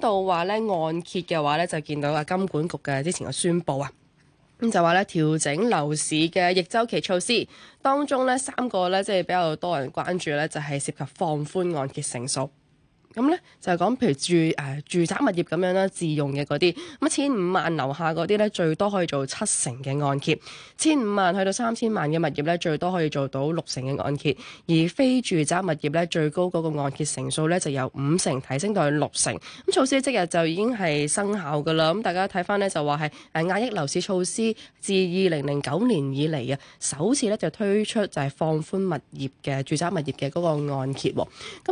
到話咧按揭嘅話咧，就見到啊金管局嘅之前嘅宣布啊，咁就話咧調整樓市嘅逆周期措施，當中咧三個咧，即係比較多人關注咧，就係涉及放寬按揭成數。咁咧就係講，譬如住誒、呃、住宅物業咁樣啦，自用嘅嗰啲，咁千五萬樓下嗰啲咧，最多可以做七成嘅按揭；千五萬去到三千萬嘅物業咧，最多可以做到六成嘅按揭。而非住宅物業咧，最高嗰個按揭成數咧，就由五成提升到去六成。咁措施的即日就已經係生效㗎啦。咁大家睇翻咧，就話係誒壓抑樓市措施自二零零九年以嚟啊，首次咧就推出就係放寬物業嘅住宅物業嘅嗰個按揭。咁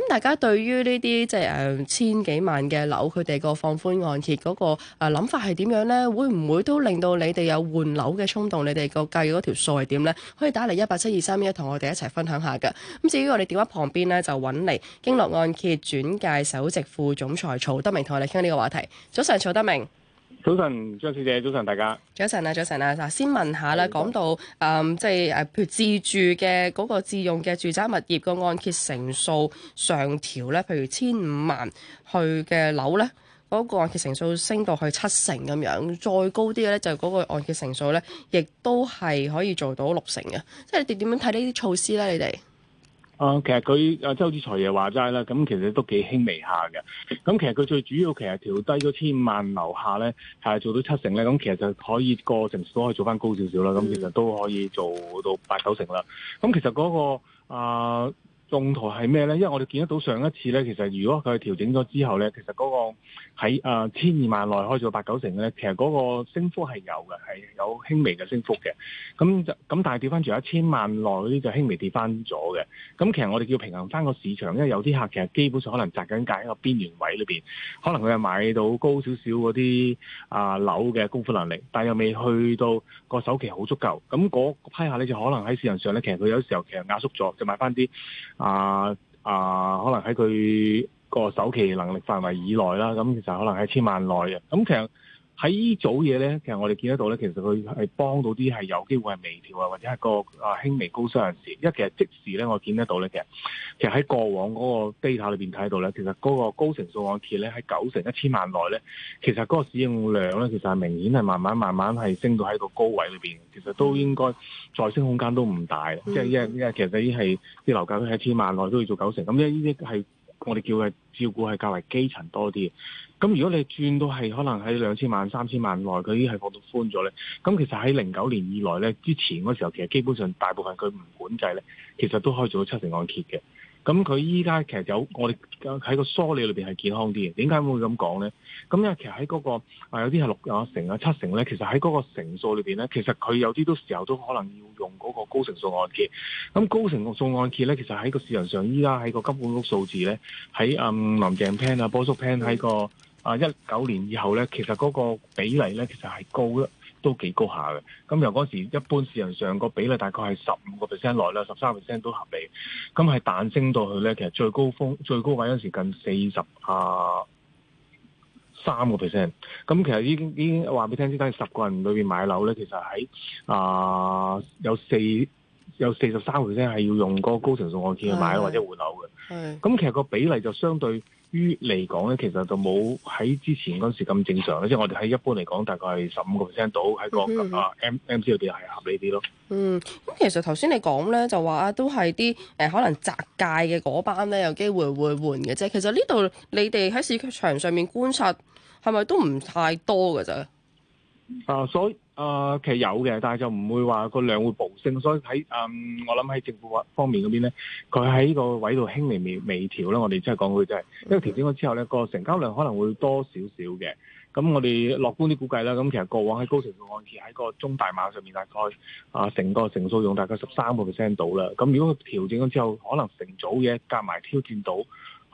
大家對於呢啲？誒、嗯，千幾萬嘅樓，佢哋個放寬按揭嗰、那個誒諗、啊、法係點樣呢？會唔會都令到你哋有換樓嘅衝動？你哋個計嗰條數係點呢？可以打嚟，一八七二三一，同我哋一齊分享一下噶。咁至於我哋電話旁邊呢，就揾嚟經絡按揭轉介首席副總裁曹德明，同我哋傾呢個話題。早上，曹德明。早晨，張小姐，早晨，大家。早晨啊，早晨啊，先問下啦，講到誒、嗯，即係誒，譬如自住嘅嗰、那個嗰個自用嘅住宅物業嘅按揭成數上調咧，譬如千五萬去嘅樓咧，嗰、嗰個按揭成數升到去七成咁樣，再高啲嘅咧就嗰、是、個按揭成數咧，亦都係可以做到六成嘅，即係你哋點樣睇呢啲措施咧？你哋？啊、呃，其實佢、啊、周志才爺話齋啦，咁其實都幾輕微下嘅。咁其實佢最主要其實調低咗千萬樓下咧，係做到七成咧，咁其實就可以個成數都可以做翻高少少啦。咁其實都可以做到八九成啦。咁其實嗰、嗰個啊。呃中途係咩呢？因為我哋見得到上一次呢，其實如果佢調整咗之後呢，其實嗰個喺誒千二萬內開咗八九成嘅呢，其實嗰個升幅係有嘅，係有輕微嘅升幅嘅。咁就咁，但係跌翻住一千萬內嗰啲就輕微跌翻咗嘅。咁其實我哋叫平衡翻個市場，因為有啲客其實基本上可能紮緊價喺個邊緣位裏邊，可能佢係買到高少少嗰啲啊樓嘅供款能力，但又未去到個首期好足夠。咁嗰批客呢，就可能喺市場上呢，其實佢有時候其實壓縮咗，就買翻啲。啊啊，可能喺佢個首期能力範圍以內啦，咁其實可能喺千萬內嘅，咁其實。喺呢組嘢咧，其實我哋見得到咧，其實佢係幫到啲係有機會係微調啊，或者係個啊輕微高收人士。因為其實即時咧，我見得到咧，其實其實喺過往嗰個 data 裏面睇到咧，其實嗰個高成數按揭咧喺九成一千萬內咧，其實嗰個使用量咧，其實係明顯係慢慢慢慢係升到喺個高位裏面。其實都應該再升空間都唔大。即、嗯、係因家其實已經係啲樓價都喺千萬內都要做九成。咁咧呢啲係我哋叫佢照顧係較為基層多啲。咁如果你轉到係可能喺兩千萬、三千萬內，佢已經係放到寬咗咧。咁其實喺零九年以來咧，之前嗰時候，其實基本上大部分佢唔管制咧，其實都可以做到七成按揭嘅。咁佢依家其實有我哋喺個梳理裏邊係健康啲嘅。點解會咁講咧？咁因為其實喺嗰個啊有啲係六成啊七成咧，其實喺嗰個成數裏邊咧，其實佢有啲都時候都可能要用嗰個高成數按揭。咁高成數按揭咧，其實喺個市場上依家喺個金管局數字咧，喺嗯林鄭 plan 啊波叔 plan 喺個。啊！一九年以後咧，其實嗰個比例咧，其實係高咯，都幾高下嘅。咁由嗰時一般市場上個比例大概係十五個 percent 內啦，十三個 percent 都合理。咁係彈升到去咧，其實最高峰最高位嗰時近四十啊三個 percent。咁其實已經已經話俾你聽先，等十個人裏邊買樓咧，其實喺啊、uh, 有四。有四十三個 percent 係要用嗰個高成數按揭去買或者換樓嘅，咁其實個比例就相對於嚟講咧，其實就冇喺之前嗰時咁正常，即係我哋喺一般嚟講大概係十五個 percent 到喺個啊 M M C 嗰邊係合理啲咯。嗯，咁其實頭先你講咧就話啊，都係啲誒可能集界嘅嗰班咧有機會會換嘅啫。其實呢度你哋喺市場上面觀察係咪都唔太多嘅啫？啊，所以。啊，其實有嘅，但係就唔會話個量會暴升，所以喺嗯，我諗喺政府方方面嗰邊咧，佢喺呢個位度輕微微微調啦。我哋即係講句真係，因為調整咗之後咧，個成交量可能會多少少嘅。咁我哋樂觀啲估計啦。咁其實過往喺高成數按揭喺個中大碼上面大概啊，成個成數用大概十三個 percent 到啦。咁如果佢調整咗之後，可能成組嘅夾埋挑戰到。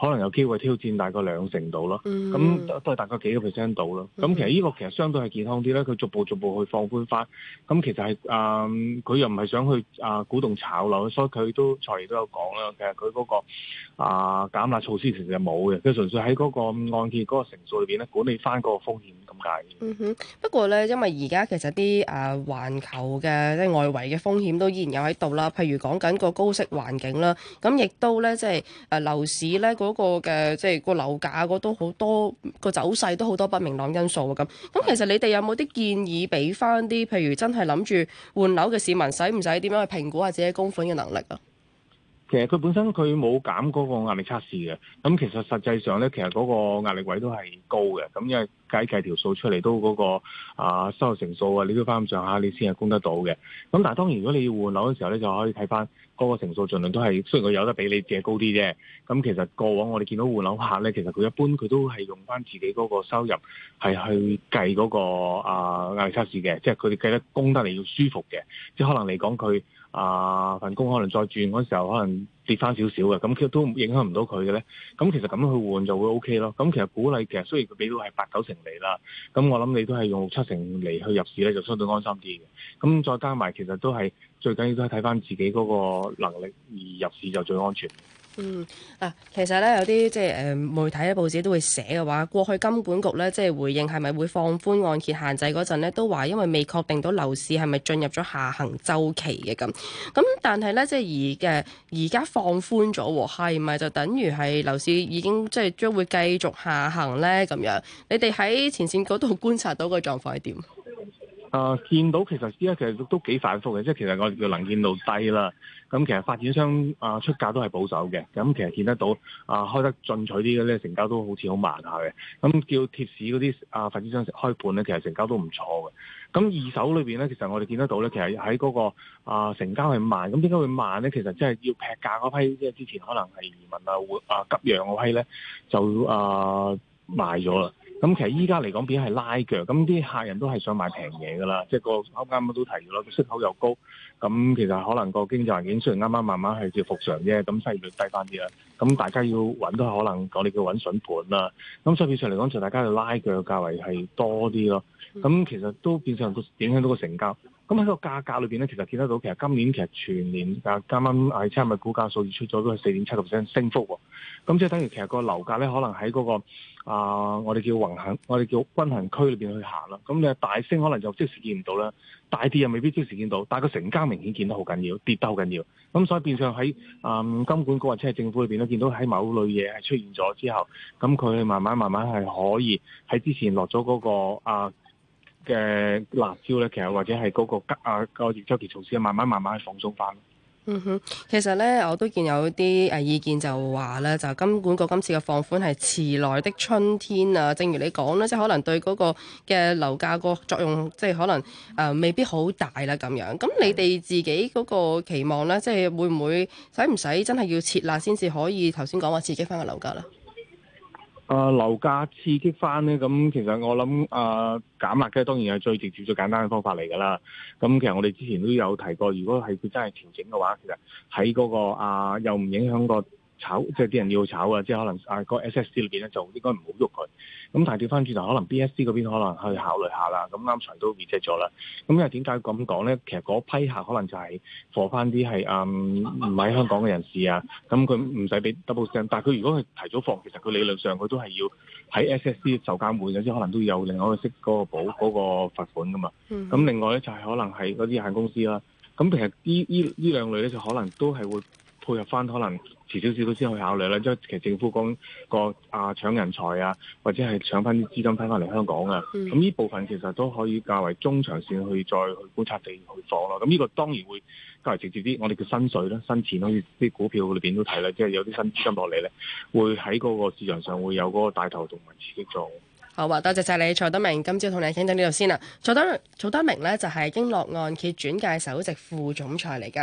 可能有機會挑戰大概兩成度咯，咁、嗯、都係大概幾個 percent 度咯。咁、嗯、其實呢個其實相對係健康啲咧，佢逐步逐步去放寬翻。咁其實係誒，佢、嗯、又唔係想去誒、啊、鼓動炒樓，所以佢都財爺都有講啦。其實佢嗰、那個啊減壓措施其實冇嘅，佢係純粹喺嗰個按揭嗰個成數裏面咧管理翻嗰個風險咁解、嗯。不過咧，因為而家其實啲誒環球嘅即係外圍嘅風險都依然有喺度啦。譬如講緊個高息環境啦，咁亦都咧即係樓市咧嗰、那個嘅即係個樓價都好多個走勢都好多不明朗因素啊，咁，咁其實你哋有冇啲建議俾翻啲譬如真係諗住換樓嘅市民，使唔使點樣去評估下自己供款嘅能力啊？其實佢本身佢冇減嗰個壓力測試嘅，咁其實實際上呢，其實嗰個壓力位都係高嘅，咁因為計計條數出嚟都嗰個啊收入成數啊，你都翻咁上下，你先係供得到嘅。咁但係當然，如果你要換樓嘅時候呢，就可以睇翻嗰個成數，盡量都係雖然佢有得俾你借高啲啫，咁其實過往我哋見到換樓客呢，其實佢一般佢都係用翻自己嗰個收入係去計嗰個啊壓力測試嘅，即係佢哋計得供得嚟要舒服嘅，即係可能嚟講佢。啊、呃、份工可能再轉嗰時候，可能跌翻少少嘅，咁其實都影響唔到佢嘅呢，咁其實咁樣去換就會 OK 咯。咁其實鼓勵，其實雖然佢俾到係八九成嚟啦，咁我諗你都係用六七成嚟去入市呢，就相對安心啲嘅。咁再加埋其實都係最緊要都係睇翻自己嗰個能力而入市就最安全。嗯嗱、啊，其實咧有啲即係誒媒體嘅報紙都會寫嘅話，過去金管局咧即係回應係咪會放寬按揭限制嗰陣咧，都話因為未確定到樓市係咪進入咗下行週期嘅咁。咁但係咧即係而嘅而家放寬咗喎，係咪就等於係樓市已經即係將會繼續下行咧？咁樣你哋喺前線嗰度觀察到個狀況係點？啊、呃，見到其實依家其實都幾反覆嘅，即係其實我哋能見度低啦。咁其實發展商啊、呃、出價都係保守嘅。咁其實見得到啊、呃，開得進取啲嘅咧，成交都好似好慢下嘅。咁叫貼市嗰啲啊發展商開盤咧，其實成交都唔錯嘅。咁二手裏面咧，其實我哋見得到咧，其實喺嗰、那個啊、呃、成交係慢。咁點解會慢咧？其實即係要劈價嗰批，即係之前可能係移民啊、活啊急讓嗰批咧，就啊、呃、賣咗啦。咁、嗯、其實依家嚟講，變係拉腳，咁啲客人都係想買平嘢㗎啦，即係個啱啱都提咗咯，息口又高，咁其實可能個經濟環境雖然啱啱慢慢係叫復常啫，咁失業率低翻啲啦，咁大家要搵都可能我哋叫搵筍盤啦，咁所以變相嚟講就大家要拉腳價位係多啲咯，咁其實都變相影響到個成交。咁喺個價格裏面咧，其實見得到，其實今年其實全年啊，啱啱艾差咪估價數字出咗都係四點七六升，升幅喎、哦。咁即係等於其實個樓價咧，可能喺嗰、嗰個啊，我哋叫橫行，我哋叫均衡區裏面去行啦。咁你大升可能就即時見唔到啦，大跌又未必即時見到。但係個成交明顯見得好緊要，跌得好緊要。咁所以變相喺啊金管局或者車政府裏面都見到喺某類嘢係出現咗之後，咁佢慢慢慢慢係可以喺之前落咗嗰個啊。嘅辣椒咧，其實或者係嗰、那個吉啊個周期嘅措施，慢慢慢慢放鬆翻。嗯哼，其實咧我都見有啲誒意見就話咧，就金管局今次嘅放款係遲來的春天啊！正如你講咧，即係可能對嗰個嘅樓價嗰個作用，即係可能誒、呃、未必好大啦咁樣。咁你哋自己嗰個期望咧，即係會唔會使唔使真係要撤辣先至可以頭先講話刺激翻個樓價啦？啊、呃，樓價刺激翻呢，咁其實我諗啊、呃，減壓嘅當然係最直接、最簡單嘅方法嚟㗎啦。咁其實我哋之前都有提過，如果係佢真係調整嘅話，其實喺嗰個啊、呃，又唔影響個。炒即係啲人要炒啊！即係可能嗰個 S S C 裏邊咧，就應該唔好喐佢。咁但係調翻轉頭，可能 B S C 嗰邊可能去考慮下啦。咁啱才都 reject 咗啦。咁因為點解咁講咧？其實嗰批客可能就係放翻啲係嗯唔係香港嘅人士啊。咁佢唔使俾 double stand 但係佢如果佢提早放，其實佢理論上佢都係要喺 S S C 受監管，有啲可能都有另外嘅息嗰個補嗰個，嗰個罰款噶嘛。咁、嗯、另外咧就係可能係嗰啲有限公司啦。咁其實呢呢呢兩類咧就可能都係會。配合翻可能遲少少都先去考慮啦，即係其實政府講個啊搶人才啊，或者係搶翻啲資金翻翻嚟香港啊，咁、嗯、呢部分其實都可以較為中長線去再去觀察地去放咯。咁、這、呢個當然會較為直接啲，我哋叫薪水啦、新錢好似啲股票裏邊都睇啦，即係有啲新資金落嚟咧，會喺嗰個市場上會有嗰個大頭動脈刺激做好啊，多謝晒你，曹德明，今朝同你傾到呢度先啦。曹德曹德明咧就係、是、經絡按揭轉介首席副總裁嚟噶。